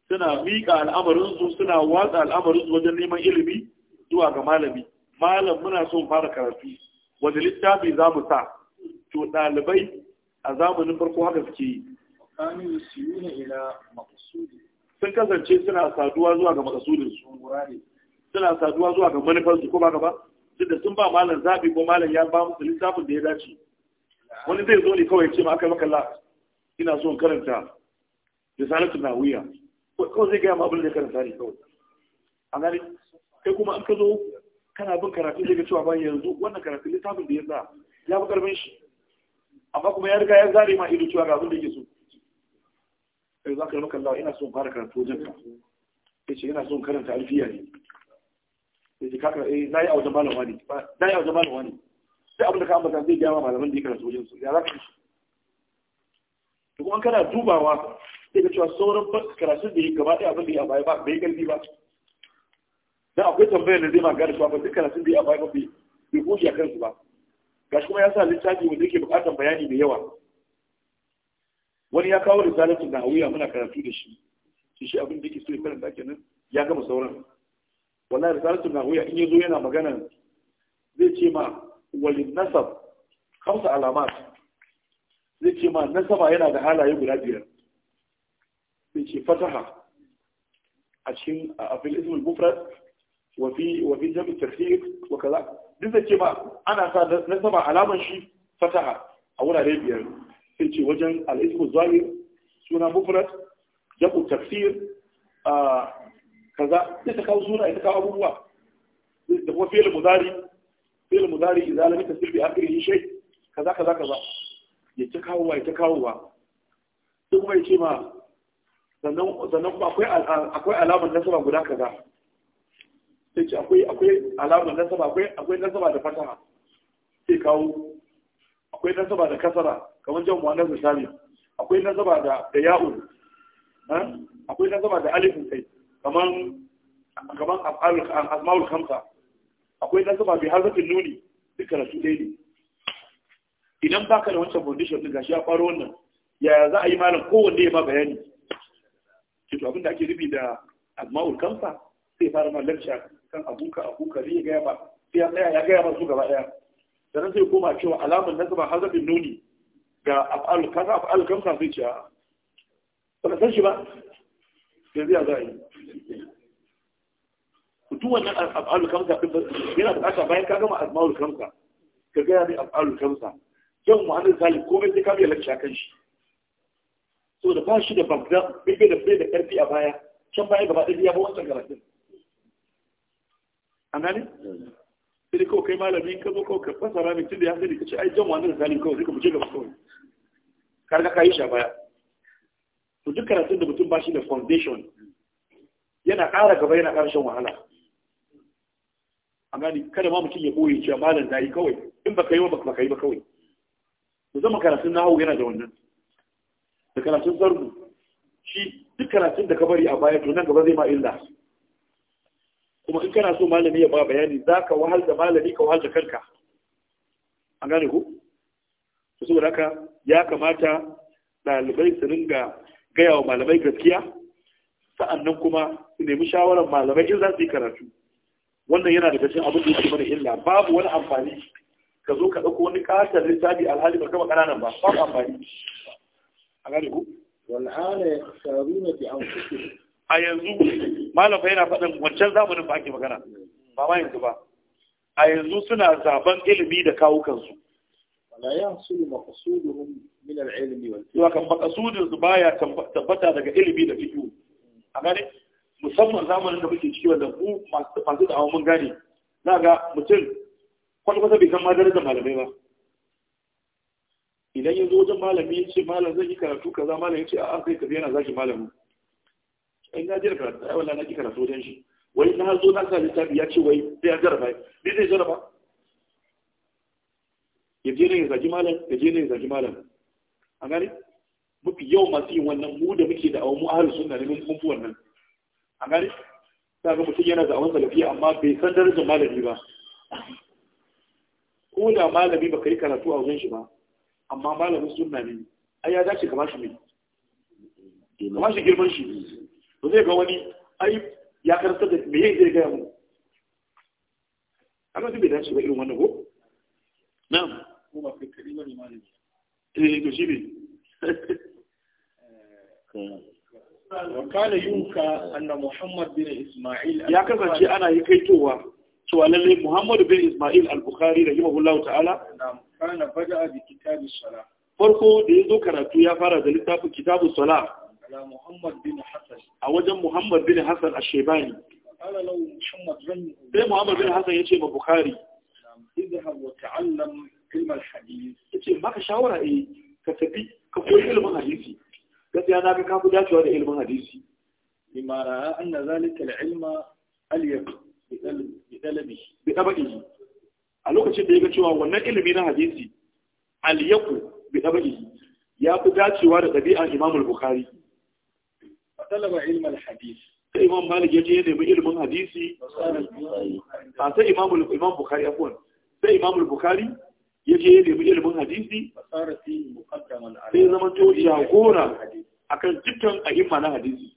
suna miƙa al'amarinsu. suna watsa al'amarinsu wajen neman ilimi zuwa ga malami malam muna son fara karatu wanda littafi za mu sa to ɗalibai a zamanin farko haka suke yi sun kasance suna saduwa zuwa ga makasudin su suna saduwa zuwa ga manufarsu ko ba ka ba duk da sun ba malam zaɓi ko malam ya ba musu littafin da ya dace wani zai zo ne kawai ce ma aka maka la ina son karanta na wuya ko zai gaya ma abin da ya karanta ne kawai a gani kai kuma an ka zo kana bin karatu daga cewa ban yanzu wannan karatu littafin da ya sa ya fi karfin shi amma kuma ya riga ya zare ma ido cewa ga abin da yake so kai za ka yi makallawa ina son fara karatu wajen ka ya ce ina son karanta alfiya ne ya ce kaka eh na yi a wajen malama ne na yi a wajen malama ne sai abin da ka ambata zai gyara malaman da ya karatu wajen su ya za ka yi to kuma kana dubawa sai ka cewa sauran karatun da ya gaba ɗaya abin da ya baya ba bai kalbi ba dan akwai tambayar da zai ma gane cewa ba duk karatun da ya bai mafi bai goge a kansu ba gashi kuma ya sa littafi wanda yake buƙatar bayani da yawa wani ya kawo risalatun na hawiya muna karatu da shi shi shi abin da yake so ya karanta kenan ya gama sauran wallahi risalatun na hawiya in ya zo yana magana zai ce ma walin nasab kamsa alamat zai ce ma nasaba yana da halaye guda biyar zai ce fataha a cikin a fil ismul mufrad wafi wafi jami tafsir wa kaza duk da ce ba ana sa na saba alaman shi fataha a wurare biyar sai ce wajen al-ismu zahir suna mufrad jabu tafsir a kaza sai ta kawo suna ita kawo abubuwa da kuma fi'il mudari fi'il mudari idan lam tasir akiri akhirih shai kaza kaza kaza ya ta kawo wa ya ta kawo wa duk mai ce ma sannan kuma akwai alamar nasara guda kaza sai ce akwai akwai alamar nasaba akwai akwai nasaba da fatara sai kawo akwai nasaba da kasara kamar jan mu'annas misali akwai nasaba da da ya'un eh? akwai nasaba da alifin kai kamar kamar af'alul asmaul khamsa akwai nasaba bi harfin nuni duka da su ne idan baka da wancan condition din gashi ya faro wannan yaya za a yi malam kowanne ya ba bayani kito abin da ake rubi da asmaul khamsa sai fara malam lecture kan abuka abuka zai gaya ba sai ya tsaya ya gaya ba su gaba ɗaya, da nan sai koma cewa alamun nasaba hazafin nuni ga af'al kaza af'al kamsa sai ce a'a ba san shi ba yanzu zai za a yi duk wannan af'al su yana bukata bayan ka gama asma'ul kan ka gaya mai af'al ka yau muhammad zalim komai sai ka biya lakci kan shi saboda ba shi da bagda bai da bai da karfi a baya can baya gaba ɗaya ya ba wancan karatun an gane sai kawai kai malami ka zo kawai ka fasa rami tun da ya sani ka ce ai jan da zalim kawai sai ka fice gaba kawai kar ka kayi shi a baya to duk karatun da mutum ba shi da foundation yana ƙara gaba yana ƙara shan wahala an gane kada ma mutum ya boye cewa malam na yi kawai in ba ka yi ba ba ka yi ba kawai to zama karatun na hau yana da wannan da karatun zarbu shi duk karatun da ka bari a baya to nan gaba zai ma illa kuma in kana so malami ya ba bayani za ka wahal da malami ka wahal da kanka an gane ku to saboda haka ya kamata ɗalibai su ringa gaya wa malamai gaskiya sa'annan kuma su nemi shawarar malamai in za su yi karatu wannan yana daga cikin abin da yake mana illa babu wani amfani ka zo ka ɗauko wani ƙatar littafi alhali ba kama ƙananan ba babu amfani a gane ku والآن يختارون بأنفسهم a yanzu malafa yana faɗin wancan zamanin ba ake magana ba ma yanzu ba a yanzu suna zaben ilimi da kawo kansu wala yahsulu su min al-ilmi wal fiqh kan maqsudun su baya tabbata daga ilimi da fito. a gane musamman zamanin da muke ciki wanda ku masu da mun gane za ga mutum kwata bai san madarar da malamai ba idan ya zo wajen malami ya ce malam zai yi karatu kaza malam ya ce a'a sai ka yana zaki malamin in na je da karatu ai wallahi na ki karatu wajen shi wai na zo na sa littafi ya ce wai sai ya jarraba ni zai jarraba ya je ne ya zaki malam ya je ne ya zaki malam a gani mafi yau masu yin wannan mu da muke da awon mu ahlus sunna ne mun fi wannan a gani ta ga mutum yana da awon salafiya amma bai san darajar malami ba ko da malami ba ka yi karatu a wajen shi ba amma malamin sunna ne ai ya dace ka bashi mai ka bashi girman shi ba zai ga wani ai ya karanta da me yake zai gaya mu an duk bai shi ba irin wannan ko na'am ko ba kai kadi bane malami eh to shi ne وقال يوكا أن محمد بن إسماعيل يا كما شيء أنا يكيتوا سوى للي محمد بن إسماعيل البخاري رحمه الله تعالى نعم كان بدأ بكتاب الصلاة دي ذكرت يا فرد كتاب الصلاة a wajen Muhammad bin Hassan a shaybani ala sai Muhammad bin Hassan ya ce ma Bukhari Ya ce ta'allam ilm al-hadith yace maka shawara eh ka tafi ka koyi ilimin hadisi gaskiya na ga ka dacewa da ilimin hadisi lima ra'a anna zalika al-ilma al-yaq bi talabi bi tabihi a lokacin da ya ga cewa wannan ilimi na hadisi al-yaq bi tabihi ya fi dacewa da ɗabi'ar imamul bukhari talaba ilmal hadis sai imam malik ya je ya nemi ilimin hadisi a sai imam imam bukhari afwan sai imam bukhari ya je ya nemi ilimin hadisi sai zama to jagora akan dukkan a'imma na hadisi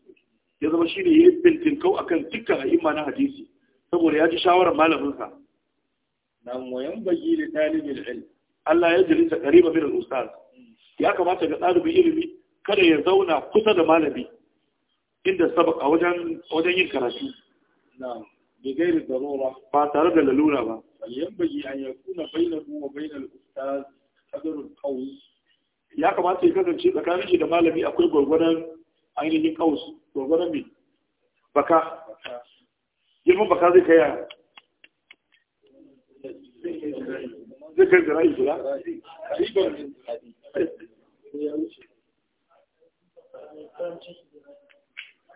ya zama shi ne ya yi bintinkau akan dukkan a'imma na hadisi saboda ya ji shawarar malaminsa nan wayan bayi da talibin ilm Allah ya jalisa qariba min al-ustaz mm. ya kamata ga ɗalibin ilimi kada ya zauna kusa da malami inda sabak a wajen wajen yin karatu na'am bi gairi darura ba tare da lalura ba yanbaghi an kuna bayan ruwa bayan ustaz qadarul kawai ya kamata ya kasance tsakanin shi da malami akwai gwargwaron ainihin kawai gwargwaron mai baka girman baka zai kai yara zai kai zira'i zira ribar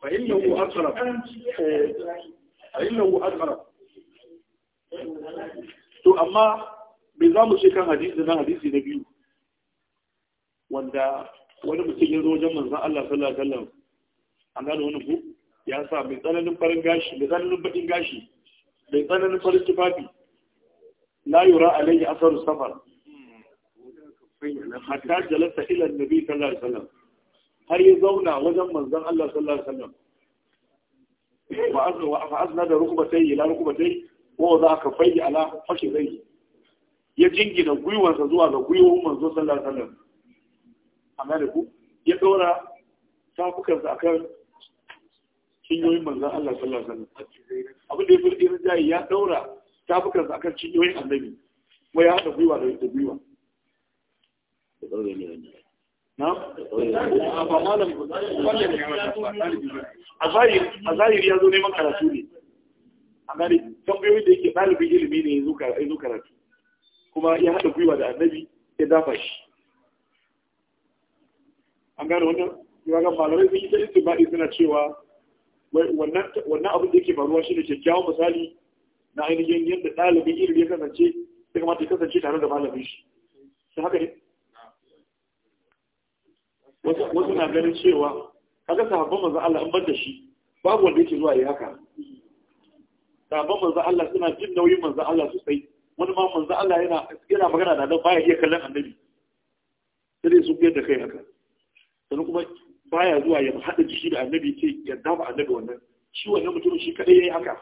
فإنه أقرب فإنه أقرب to amma bai za mu kan hadisi na na biyu wanda wani mutum ya zo wajen manzan Allah sallallahu alaihi wasallam an gano wani ku ya sa mai tsananin farin gashi mai tsananin bakin gashi mai tsananin farin tufafi la yura alayhi asaru safar hatta jalasa ila nabi sallallahu alaihi wasallam har ya zauna wajen manzan Allah sallallahu alaihi wasallam wa fa'azna da rukubatai ila rukubatai za ka fayi ala zai ya jingina gwiwansa zuwa ga gwiwon manzo sallallahu alaihi wasallam amma da ku ya akan cinyoyin manzan Allah sallallahu alaihi wasallam abin da ya fi na jayi ya daura tafukansa cinyoyin annabi kuma ya haɗa gwiwa da gwiwa ne a zahiri ya zo neman karatu ne a gane tambayoyin da yake ɗalibin ilimi ne ya zo karatu kuma ya haɗa gwiwa da annabi ya dafa shi an gane wannan yawan malamai sun yi ta istibaɗi suna cewa wannan abin da yake faruwa shi ne kyakkyawan misali na ainihin yadda ɗalibin ilimi ya kasance ya kamata ya kasance tare da malamin shi ta haka ne wasu na ganin cewa kaga sahabban manzon Allah in bar da shi babu wanda yake zuwa yi haka sahabban manzon Allah suna jin nauyin manzon Allah sosai wani ma manzon Allah yana yana magana da nan baya iya kallon annabi sai su biyar da kai haka sannan kuma baya zuwa ya haɗa jiki da annabi ce ya ba annabi wannan shi wannan mutumin shi kadai yayi haka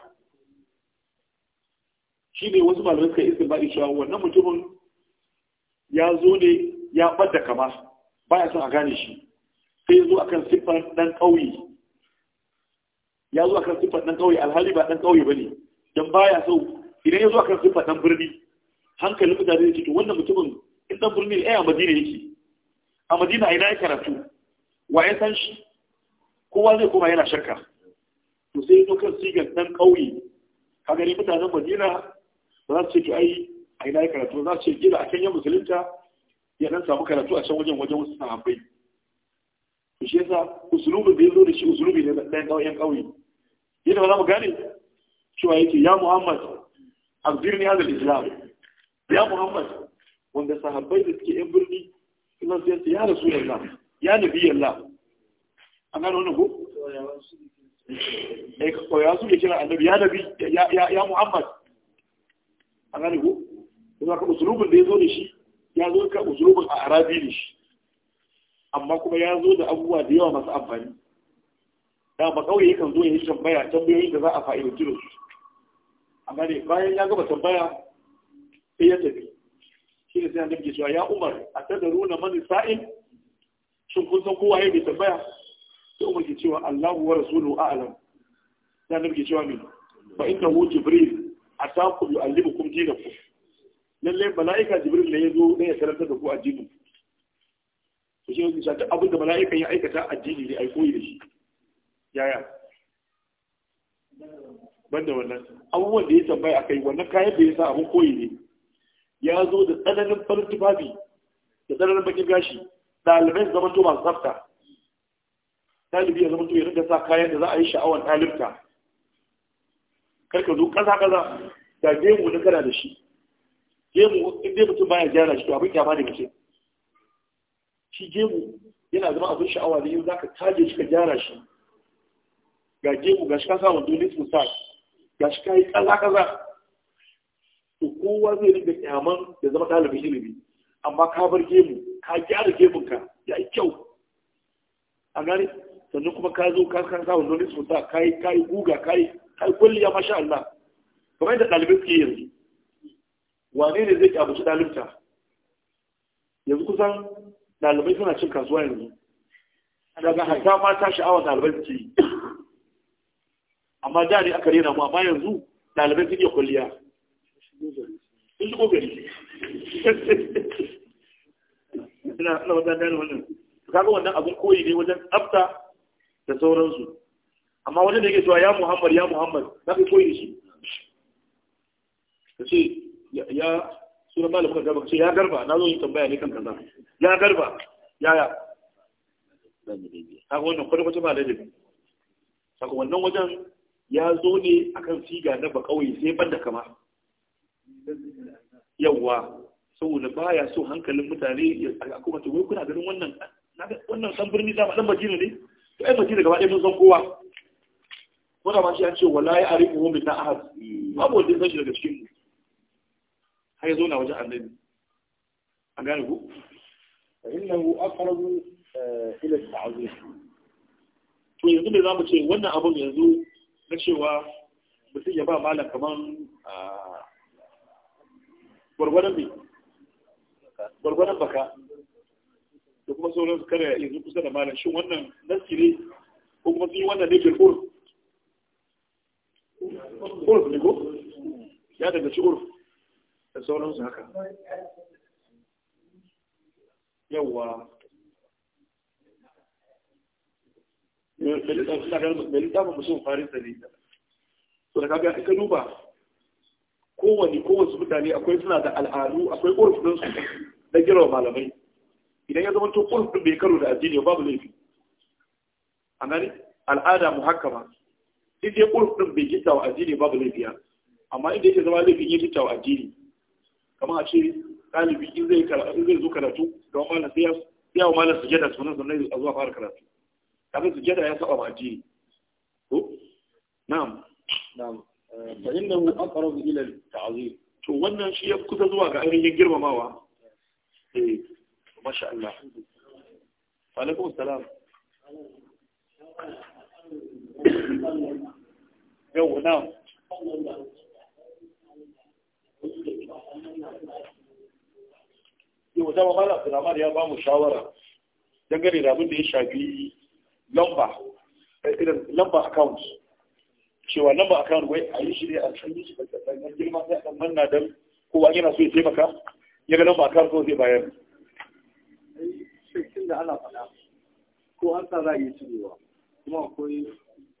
shi ne wasu malamai suka yi istinbadi cewa wannan mutumin ya zo ne ya ɓadda kama baya son a gane shi sai ya zo akan siffar dan kauye ya zo akan siffar dan ƙauye alhali ba dan ƙauye bane dan baya so idan ya zo akan siffar dan birni hankalin mutane ne to wannan mutumin in dan birni ne a Madina yake a Madina a ina ya karatu wa ya san shi kowa zai koma yana shakka to sai ya zo kan sigar dan ƙauye ka gani mutanen Madina ba za su ce to ai a ina ya karatu za su ce gida a kan yan musulunta ya dan samu karatu a can wajen wajen wasu sahabbai to shi yasa usulubin da ya zo da shi usulubi ne ɗayan ƙauyen ƙauye yadda ba za mu gane cewa yake ya muhammad abdirni hadal islam ya muhammad wanda sahabbai da suke yan birni suna sai ya rasu yalla ya nabi yalla an gano wannan ko eh ko ya su ke kira annabi ya nabi ya ya muhammad an gano ko kuma ka usulubin da ya zo da shi ya zo ka uzurubin a arabi ne shi amma kuma ya zo da abubuwa da yawa masu amfani da ba kawai yakan zo ya yi tambaya tambayoyi da za a fa'idanci da su amma ne bayan ya gaba tambaya sai ya tafi shi ne sai annabi ke cewa ya umar a tadaru na mani sa'in shin kun san kowa ya bai tambaya sai umar ke cewa allahu wa rasulu a'lam sai annabi ke cewa min fa innahu jibril ataku yu'allimukum dinakum lalle mala'ika jibril ne ya zo ne ya karanta da ku addinin to shi yake abin abinda mala'ika ya aikata addini ne ai koyi da shi yaya banda wannan abubuwan da ya tambaya akai wannan kayan da ya sa abun koyi ne ya zo da tsananin farin tufafi da tsananin bakin gashi ɗalibai su zamanto masu tsafta ɗalibi ya zamanto ya rinka sa kayan da za a yi sha'awar ɗalibta karka zo ƙasa-ƙasa da gemu na kana da shi gemu in mutum baya gyara shi abin kyama da mace shi gemu yana zama abin sha'awa ne za ka kaje shi ka gyara shi ga gemu ga shi ka sa wando ne sun sa ga shi ka yi kaza kaza to kowa zai rinka kyaman da zama ɗalibin ilimi amma ka bar gemu ka gyara gemunka ya yi kyau a gani sannan kuma ka zo ka kasa sa wando ne sun sa ka yi guga ka yi kulliya masha Allah kamar yadda ɗalibai suke yanzu wane ne zai kyabuci dalibta yanzu kusan dalibai suna cin kasuwa yanzu daga hatta mata sha'awa dalibai suke yi amma da aka rena mu amma yanzu dalibai suke kwalliya sun shigo gari ina na wajen gane wannan kaga wannan abin koyi ne wajen tsafta da sauransu amma wajen da yake cewa ya muhammad ya muhammad za ka koyi da shi ka ce ya sunan malam kan gaba ce ya garba na zo yin tambaya ne kan kaza ya garba yaya haka wannan kwata-kwata ba ladabi saka wannan wajen ya zo ne akan siga na ba kawai sai ban da kama yawa saboda baya so hankalin mutane a kuma ta wai kuna ganin wannan wannan san birni dama dan majina ne to ai majina gaba ɗaya mun san kowa ko da ma shi an ce wala ya arifu hum bi ta'ahad babu wanda zai daga cikin mu har ya zo na wajen annabi a gane ku فإنه أقرب إلى التعظيم to yanzu da za mu ce wannan abun yanzu na cewa mutum ya ba malam kaman ah, gwargwadon mai gwargwadon baka da kuma sauran su kare yanzu kusa da malam shin wannan nasi ne ko kuma sun wannan ne ke urf urf ne ko ya daga ci urf da sauransu haka yawwa mai littafin musulun farisa ne so da kaga aka duba kowane kowace mutane akwai suna da al'adu akwai ƙorafinsu na girma malamai idan ya zama to ƙorafin bai karo da addini babu laifi a gani al'ada mu muhakkama in dai ƙorafin bai gita wa addini babu laifiya amma inda yake zama laifin ya gita wa addini kamar a ce ɗalibi in zai zo karatu ga malam malar ya sai wa malam sujada sunan sannan a zuwa fara karatu kafin sujada ya saba ma'aji ko na'am na'am eh, fa innahu ilal ta azu to wannan shi ya kusa zuwa ga ainihin girmamawa eh masha Allah wa alaikum salam yau na'am yau da mamala abdulrahman ya ba mu shawara dangane da abin da ya shafi lamba eh, irin lamba account cewa lamba account wai a yi shi ne a cikin shi da girma sai a manna dan kowa yana so ya taimaka ya ga lamba account zai bayar shekin da ana faɗa ko an sa za a yi cirewa kuma akwai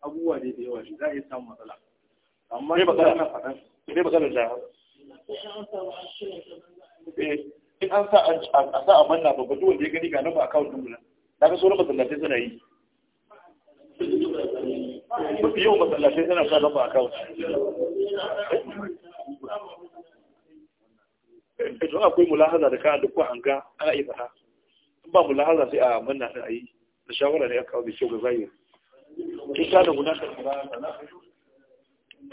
abubuwa da yawa za a iya samun matsala amma ne ba kana faɗa ne ba kana da Eh, in an sa a sa a manna babba duk wanda ya gani ga nan ba akawun dubu nan daga suna yi yawan suna sa nan ba eh, akwai mulahaza da kayan duk an ga ana yi fata in ba mulahaza sai a manna sai a yi da shawara ne ya kawo da ga Kin da gudanar da